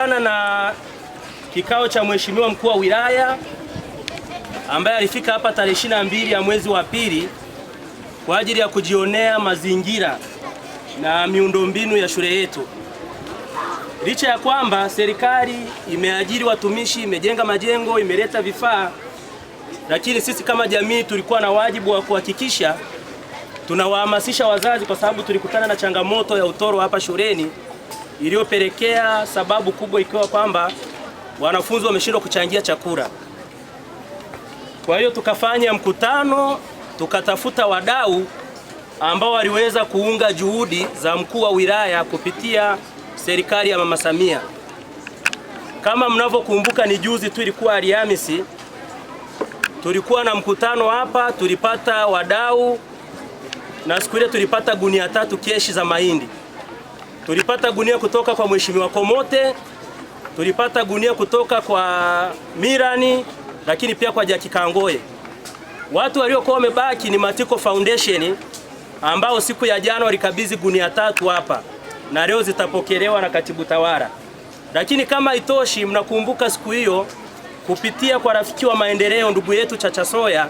Ana na kikao cha mheshimiwa mkuu wa wilaya ambaye alifika hapa tarehe ishirini na mbili ya mwezi wa pili kwa ajili ya kujionea mazingira na miundombinu ya shule yetu. Licha ya kwamba serikali imeajiri watumishi, imejenga majengo, imeleta vifaa, lakini sisi kama jamii tulikuwa na wajibu wa kuhakikisha tunawahamasisha wazazi, kwa sababu tulikutana na changamoto ya utoro hapa shuleni iliyopelekea sababu kubwa ikiwa kwamba wanafunzi wameshindwa kuchangia chakula. Kwa hiyo tukafanya mkutano, tukatafuta wadau ambao waliweza kuunga juhudi za mkuu wa wilaya kupitia serikali ya Mama Samia. Kama mnavyokumbuka, ni juzi tu ilikuwa Alhamisi, tulikuwa na mkutano hapa, tulipata wadau na siku ile tulipata gunia tatu keshi za mahindi. Tulipata gunia kutoka kwa Mheshimiwa Komote, tulipata gunia kutoka kwa Mirani, lakini pia kwa Jaki Kangoe. Watu waliokuwa wamebaki ni Matiko Foundation ambao siku ya jana walikabidhi gunia tatu hapa na leo zitapokelewa na katibu tawala. Lakini kama itoshi, mnakumbuka siku hiyo kupitia kwa rafiki wa maendeleo ndugu yetu Chacha Soya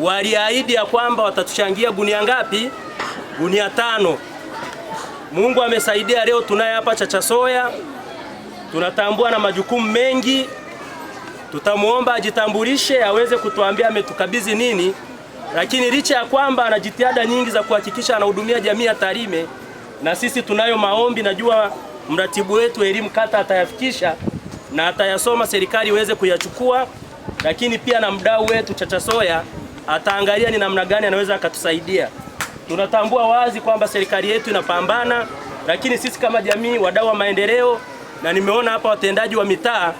waliahidi ya kwamba watatushangia gunia ngapi? Gunia tano. Mungu amesaidia leo tunaye hapa Chacha Soya. Tunatambua na majukumu mengi, tutamwomba ajitambulishe, aweze kutuambia ametukabidhi nini, lakini licha ya kwamba ana jitihada nyingi za kuhakikisha anahudumia jamii ya Tarime, na sisi tunayo maombi, najua mratibu wetu elimu kata atayafikisha na atayasoma, serikali iweze kuyachukua, lakini pia na mdau wetu Chacha Soya ataangalia ni namna gani anaweza akatusaidia. Tunatambua wazi kwamba serikali yetu inapambana, lakini sisi kama jamii, wadau wa maendeleo, na nimeona hapa watendaji wa mitaa,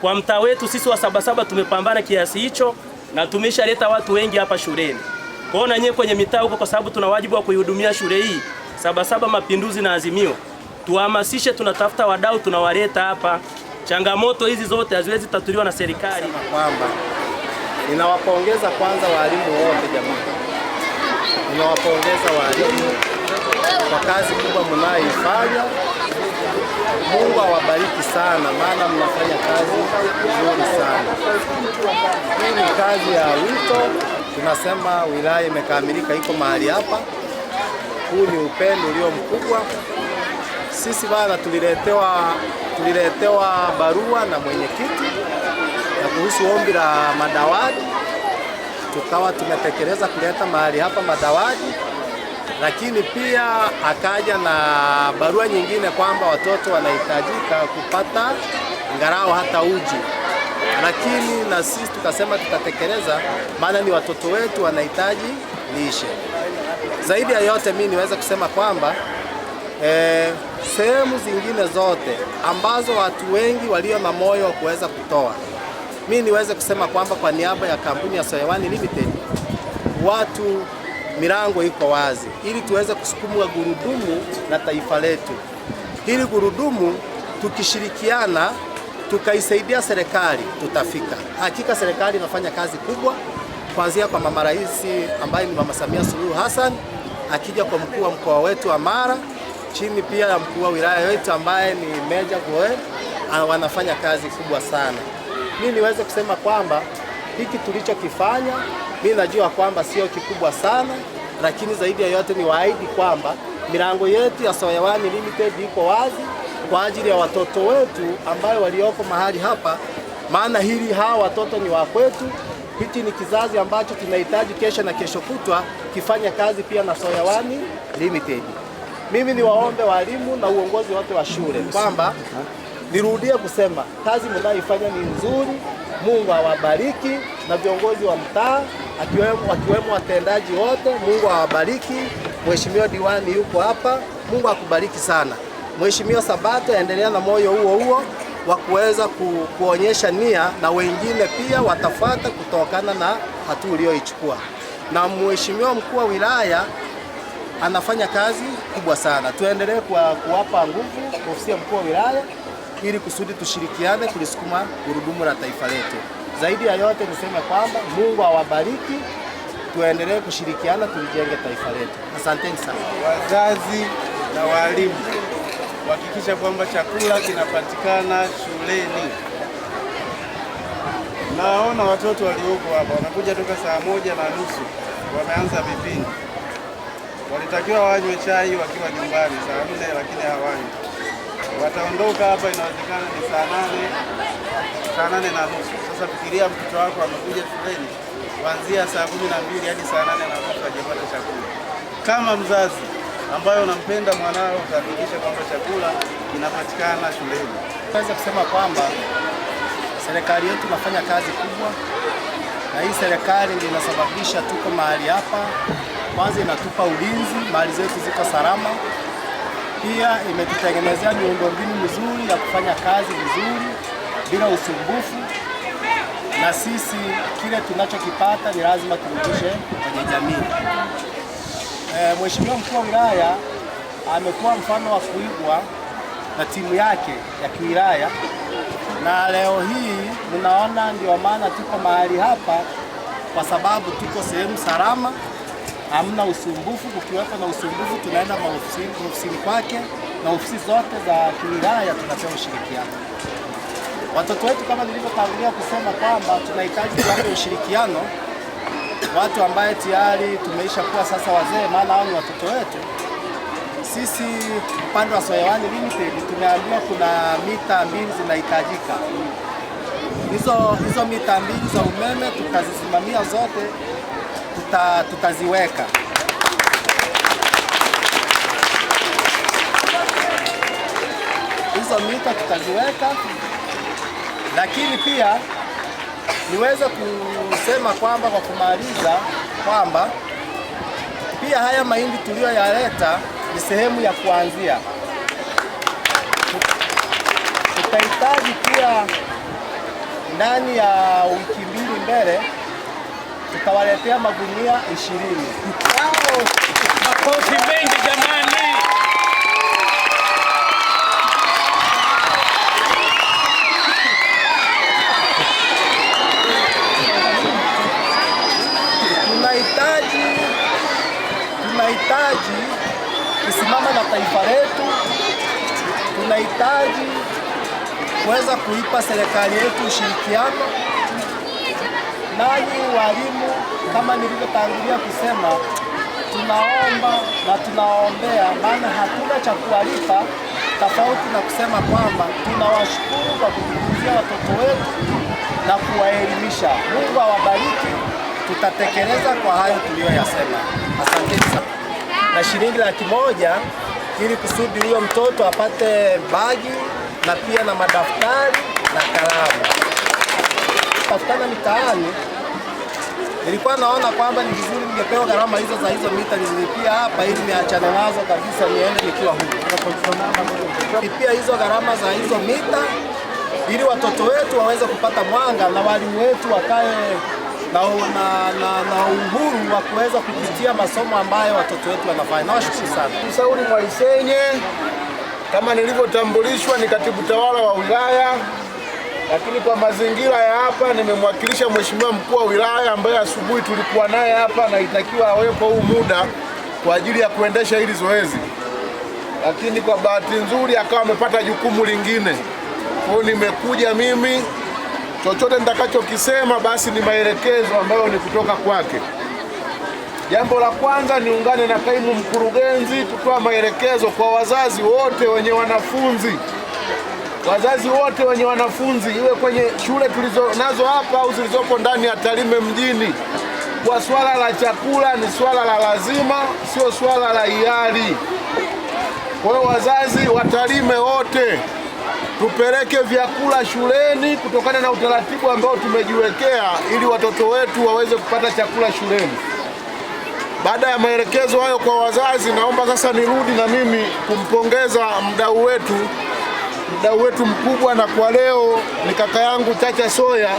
kwa mtaa wetu sisi wa Sabasaba tumepambana kiasi hicho na tumeshaleta watu wengi hapa shuleni. Kwa hiyo na nyewe kwenye mitaa huko, kwa sababu tuna wajibu wa kuihudumia shule hii Sabasaba, Mapinduzi na Azimio, tuhamasishe. Tunatafuta wadau, tunawaleta hapa. Changamoto hizi zote haziwezi tatuliwa na serikali. Kwamba ninawapongeza kwanza walimu wote jamani Niwapongeza walimu kwa kazi kubwa mnayoifanya. Mungu awabariki sana, maana mnafanya kazi nzuri sana. Hii ni kazi ya wito, tunasema wilaya imekamilika, iko mahali hapa. Huu ni upendo ulio mkubwa. Sisi bana, tuliletewa tuliletewa barua na mwenyekiti na kuhusu ombi la madawati tukawa tumetekeleza kuleta mahali hapa madawati, lakini pia akaja na barua nyingine kwamba watoto wanahitajika kupata ngarau hata uji, lakini na sisi tukasema tutatekeleza, maana ni watoto wetu wanahitaji lishe. Zaidi ya yote, mimi niweze kusema kwamba eh, sehemu zingine zote ambazo watu wengi walio na moyo wa kuweza kutoa mimi niweze kusema kwamba kwa niaba ya kampuni ya Soyawani Limited, watu milango iko wazi ili tuweze kusukuma gurudumu la taifa letu. Hili gurudumu tukishirikiana, tukaisaidia serikali, tutafika. Hakika serikali inafanya kazi kubwa, kuanzia kwa mama rais ambaye ni Mama Samia Suluhu Hassan, akija kwa mkuu wa mkoa wetu wa Mara, chini pia ya mkuu wa wilaya wetu ambaye ni Meja Goe, wanafanya kazi kubwa sana mimi niweze kusema kwamba hiki tulichokifanya mi najua kwamba sio kikubwa sana, lakini zaidi ya yote ni waahidi kwamba milango yetu ya Soya One Limited iko wazi kwa ajili ya watoto wetu ambayo walioko mahali hapa, maana hili hawa watoto ni wa kwetu. Hiki ni kizazi ambacho tunahitaji kesho na kesho kutwa kifanya kazi pia na Soya One Limited. Mimi ni waombe walimu na uongozi wote wa shule kwamba Nirudie kusema kazi mnayoifanya ni nzuri, Mungu awabariki na viongozi wa mtaa akiwemo, akiwemo watendaji wote, Mungu awabariki. Mheshimiwa diwani yuko hapa, Mungu akubariki sana. Mheshimiwa Sabato, endelea na moyo huo huo wa kuweza ku, kuonyesha nia na wengine pia watafata kutokana na hatua uliyoichukua. Na mheshimiwa mkuu wa wilaya anafanya kazi kubwa sana, tuendelee kuwapa nguvu ofisi ya mkuu wa wilaya ili kusudi tushirikiane kulisukuma gurudumu la taifa letu. Zaidi ya yote niseme kwamba Mungu awabariki, tuendelee kushirikiana, tulijenge taifa letu. Asanteni sana. Wazazi na walimu, kuhakikisha kwamba chakula kinapatikana shuleni. Naona watoto walioko hapa wanakuja toka saa moja na nusu wameanza vipindi, walitakiwa wanywe chai wakiwa nyumbani saa nne, lakini hawanywi wataondoka hapa, inawezekana ni saa nane saa nane na nusu. Sasa fikiria mtoto wako amekuja shuleni kuanzia saa kumi na mbili hadi saa nane na nusu ajapata chakula. Kama mzazi ambayo unampenda mwanao, utahakikisha kwamba chakula kinapatikana shuleni. Naweza kusema kwamba serikali yetu inafanya kazi kubwa, na hii serikali ndio inasababisha tuko mahali hapa. Kwanza inatupa ulinzi, mali zetu ziko salama. Pia imetutengenezea miundombinu mizuri ya kufanya kazi vizuri bila usumbufu, na sisi kile tunachokipata ni lazima turudishe kwenye jamii. E, Mheshimiwa mkuu wa wilaya amekuwa mfano wa kuigwa na timu yake ya kiwilaya, na leo hii mnaona ndio maana tuko mahali hapa, kwa sababu tuko sehemu salama hamna usumbufu. Kukiwepo na usumbufu, tunaenda maofisini kwake, na ofisi zote za kiwilaya tunapewa ushirikiano. Watoto wetu kama nilivyotangulia kusema kwamba tunahitaji tuwape ushirikiano watu ambaye tayari tumeisha kuwa sasa wazee, maana hao ni watoto wetu. Sisi upande wa Soyawani Limited tumeambiwa kuna mita mbili zinahitajika. Hizo hizo mita mbili za umeme tutazisimamia zote tuta, tutaziweka hizo mita tutaziweka, lakini pia niweze kusema kwamba kwa kumaliza kwamba pia haya mahindi tuliyoyaleta ni sehemu ya kuanzia. Tutahitaji pia ndani ya wiki mbili mbele tukawaletea magunia ishirini. Makofi mengi jamani. Tunahitaji tunahitaji kusimama na taifa letu, tunahitaji kuweza kuipa serikali yetu ushirikiano nanyi walimu, kama nilivyotangulia kusema, tunaomba na tunaombea maana hatuna cha kuwalipa tofauti na kusema kwamba tunawashukuru kwa kutufunzia watoto wetu na kuwaelimisha. Mungu awabariki. Tutatekeleza kwa hayo tuliyoyasema. Asanteni sana. Na shilingi laki moja ili kusudi huyo mtoto apate bagi na pia na madaftari na kalamu kupatikana mitaani, nilikuwa naona kwamba ni vizuri ningepewa gharama hizo za hizo mita nizilipia hapa ili niachane nazo kabisa, niende nikiwa huko, nilipia hizo gharama za hizo mita ili watoto wetu waweze kupata mwanga na walimu wetu wakae na, na, na, na uhuru wa kuweza kupitia masomo ambayo watoto wetu wanafanya. Nawashukuru sana. Sauli Mwaisenye, kama nilivyotambulishwa, ni katibu tawala wa wilaya lakini kwa mazingira ya hapa nimemwakilisha mheshimiwa mkuu wa wilaya ambaye asubuhi tulikuwa naye hapa na itakiwa awepo huu muda kwa ajili ya kuendesha hili zoezi, lakini kwa bahati nzuri akawa amepata jukumu lingine. Kwa hiyo nimekuja mimi, chochote nitakachokisema basi ni maelekezo ambayo ni kutoka kwake. Jambo la kwanza niungane na kaimu mkurugenzi kutoa maelekezo kwa wazazi wote wenye wanafunzi wazazi wote wenye wanafunzi, iwe kwenye shule tulizo nazo hapa au zilizopo ndani ya Tarime mjini, kwa swala la chakula ni swala la lazima, sio swala la hiari. Kwa hiyo wazazi wa Tarime wote tupeleke vyakula shuleni kutokana na utaratibu ambao tumejiwekea ili watoto wetu waweze kupata chakula shuleni. Baada ya maelekezo hayo kwa wazazi, naomba sasa nirudi na mimi kumpongeza mdau wetu mdau wetu mkubwa, na kwa leo ni kaka yangu Chacha Soya.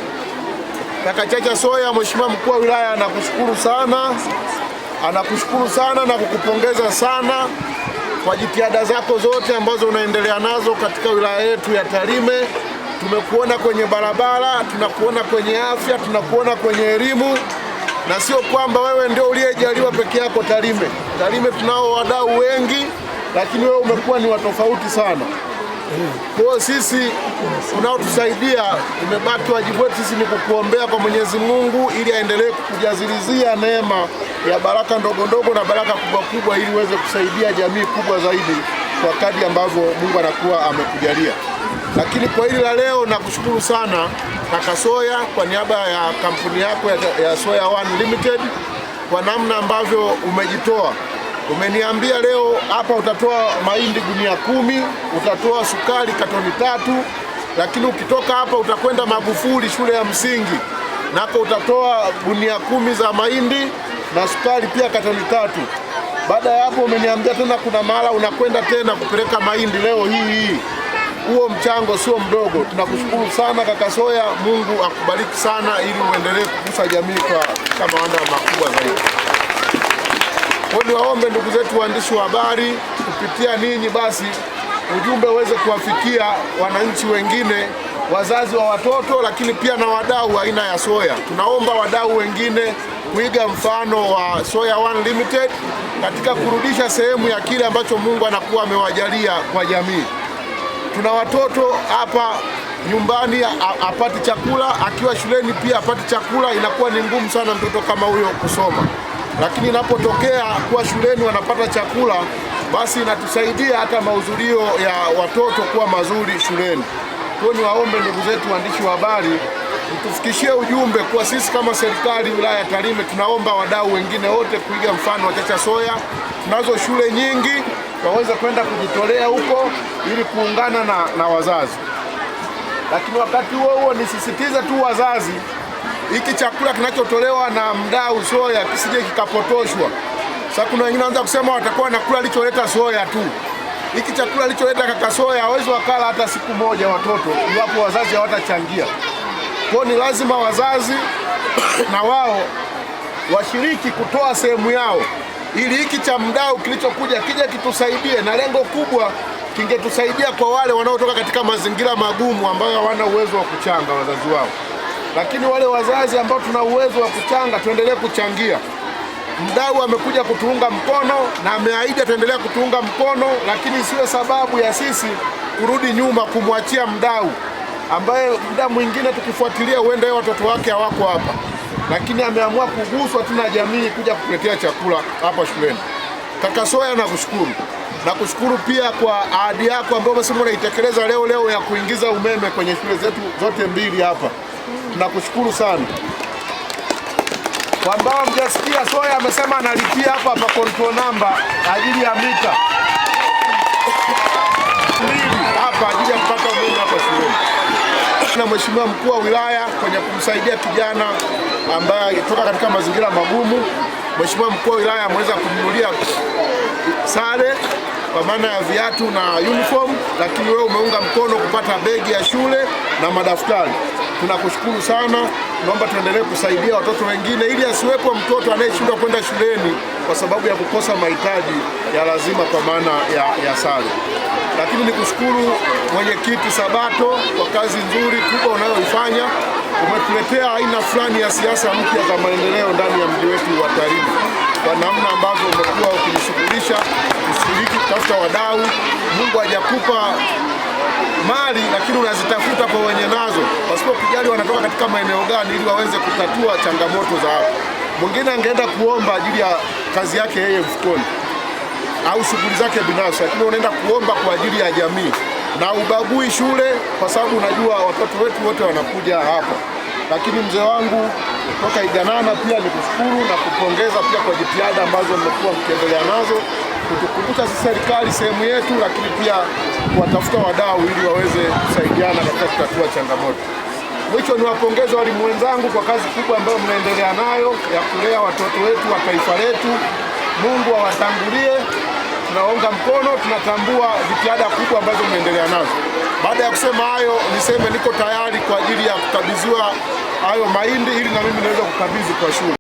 Kaka Chacha Soya, mheshimiwa mkuu wa wilaya anakushukuru sana, anakushukuru sana na kukupongeza sana kwa jitihada zako zote ambazo unaendelea nazo katika wilaya yetu ya Tarime. Tumekuona kwenye barabara, tunakuona kwenye afya, tunakuona kwenye elimu, na sio kwamba wewe ndio uliyejaliwa peke yako Tarime. Tarime tunao wadau wengi, lakini wewe umekuwa ni watofauti sana. Kwa sisi unaotusaidia, imebaki wajibu wetu sisi ni kukuombea kwa Mwenyezi Mungu ili aendelee kukujazilizia neema ya baraka ndogo ndogo na baraka kubwa kubwa, ili uweze kusaidia jamii kubwa zaidi kwa kadri ambavyo Mungu anakuwa amekujalia. Lakini kwa hili la leo nakushukuru sana kaka Soya kwa niaba ya kampuni yako ya, ya Soya One Limited kwa namna ambavyo umejitoa Umeniambia leo hapa utatoa mahindi gunia kumi, utatoa sukari katoni tatu, lakini ukitoka hapa utakwenda Magufuli shule ya msingi nako utatoa gunia kumi za mahindi na sukari pia katoni tatu. Baada ya hapo umeniambia tena kuna mahala unakwenda tena kupeleka mahindi leo hii hii. Huo mchango sio mdogo. Tunakushukuru sana kaka Soya, Mungu akubariki sana, ili uendelee kukusa jamii kwa mawanda makubwa zaidi. Kwa niwaombe ndugu zetu waandishi wa habari, kupitia ninyi basi ujumbe uweze kuwafikia wananchi wengine, wazazi wa watoto, lakini pia na wadau aina ya Soya. Tunaomba wadau wengine kuiga mfano wa Soya One Limited katika kurudisha sehemu ya kile ambacho Mungu anakuwa amewajalia kwa jamii. Tuna watoto hapa nyumbani apati chakula, akiwa shuleni pia apati chakula, inakuwa ni ngumu sana mtoto kama huyo kusoma lakini inapotokea kuwa shuleni wanapata chakula, basi inatusaidia hata mahudhurio ya watoto kuwa mazuri shuleni. Kwa ni waombe ndugu zetu waandishi wa habari mtufikishie ujumbe kuwa sisi kama serikali wilaya ya Tarime tunaomba wadau wengine wote kuiga mfano wa Chacha Soya. Tunazo shule nyingi waweza kwenda kujitolea huko ili kuungana na, na wazazi, lakini wakati huo huo nisisitize tu wazazi hiki chakula kinachotolewa na mdau soya kisije kikapotoshwa. Sasa kuna wengine wanaanza kusema watakuwa nakula alicholeta soya tu. Hiki chakula alicholeta kaka soya hawezi wakala hata siku moja watoto, iwapo wazazi hawatachangia. Kwa ni lazima wazazi na wao washiriki kutoa sehemu yao, ili hiki cha mdau kilichokuja kija kitusaidie, na lengo kubwa kingetusaidia kwa wale wanaotoka katika mazingira magumu ambayo hawana uwezo wa kuchanga wazazi wao lakini wale wazazi ambao tuna uwezo wa kuchanga tuendelee kuchangia. Mdau amekuja kutuunga mkono na ameahidi ataendelea kutuunga mkono, lakini siyo sababu ya sisi kurudi nyuma kumwachia mdau ambaye muda mwingine tukifuatilia, huenda watoto wake hawako hapa, lakini ameamua kuguswa tu na jamii kuja kukuletea chakula hapa shuleni. Kaka Soya, nakushukuru nakushukuru pia kwa ahadi yako ambayo umesema unaitekeleza leo leo ya kuingiza umeme kwenye shule zetu zote mbili hapa. Tunakushukuru sana kwa mbao mjasikia, Soya amesema analipia hapa hapa control number ajili ya mita hapa ajili ya kupata umeme hapa shuleni na Mheshimiwa mkuu wa wilaya kwenye kumsaidia kijana ambaye alitoka katika mazingira magumu. Mheshimiwa mkuu wa wilaya ameweza kumnunulia sare kwa maana ya viatu na uniform, lakini wewe umeunga mkono kupata begi ya shule na madaftari. Tunakushukuru sana, naomba tuendelee kusaidia watoto wengine, ili asiwepo mtoto anayeshindwa kwenda shuleni kwa sababu ya kukosa mahitaji ya lazima kwa maana ya, ya sare. Lakini nikushukuru mwenyekiti Sabato kwa kazi nzuri kubwa unayoifanya. Umetuletea aina fulani ya siasa mpya za maendeleo ndani ya mji wetu wa Tarime kwa namna ambavyo umekuwa ukijishughulisha kushiriki kutafuta wadau. Mungu hajakupa mali lakini unazitafuta kwa wenye nazo, pasipo kujali wanatoka katika maeneo gani, ili waweze kutatua changamoto za hapo. Mwingine angeenda kuomba ajili ya kazi yake yeye mfukoni au shughuli zake binafsi, lakini unaenda kuomba kwa ajili ya jamii na ubagui shule, kwa sababu unajua watoto wetu wote wanakuja hapa. Lakini mzee wangu kutoka Iganana. Pia ni kushukuru na kupongeza pia kwa jitihada ambazo mmekuwa mkiendelea nazo kutukumbuka sisi serikali sehemu yetu, lakini pia kuwatafuta wadau ili waweze kusaidiana katika kutatua changamoto. Mwisho ni wapongeze walimu wenzangu kwa kazi kubwa ambayo mnaendelea nayo ya kulea watoto wetu wa taifa letu. Mungu awatangulie, tunaonga mkono, tunatambua jitihada kubwa ambazo mnaendelea nazo. Baada ya kusema hayo, niseme niko tayari kwa ajili ya kukabidhiwa hayo mahindi ili na mimi naweza kukabidhi kwa shule.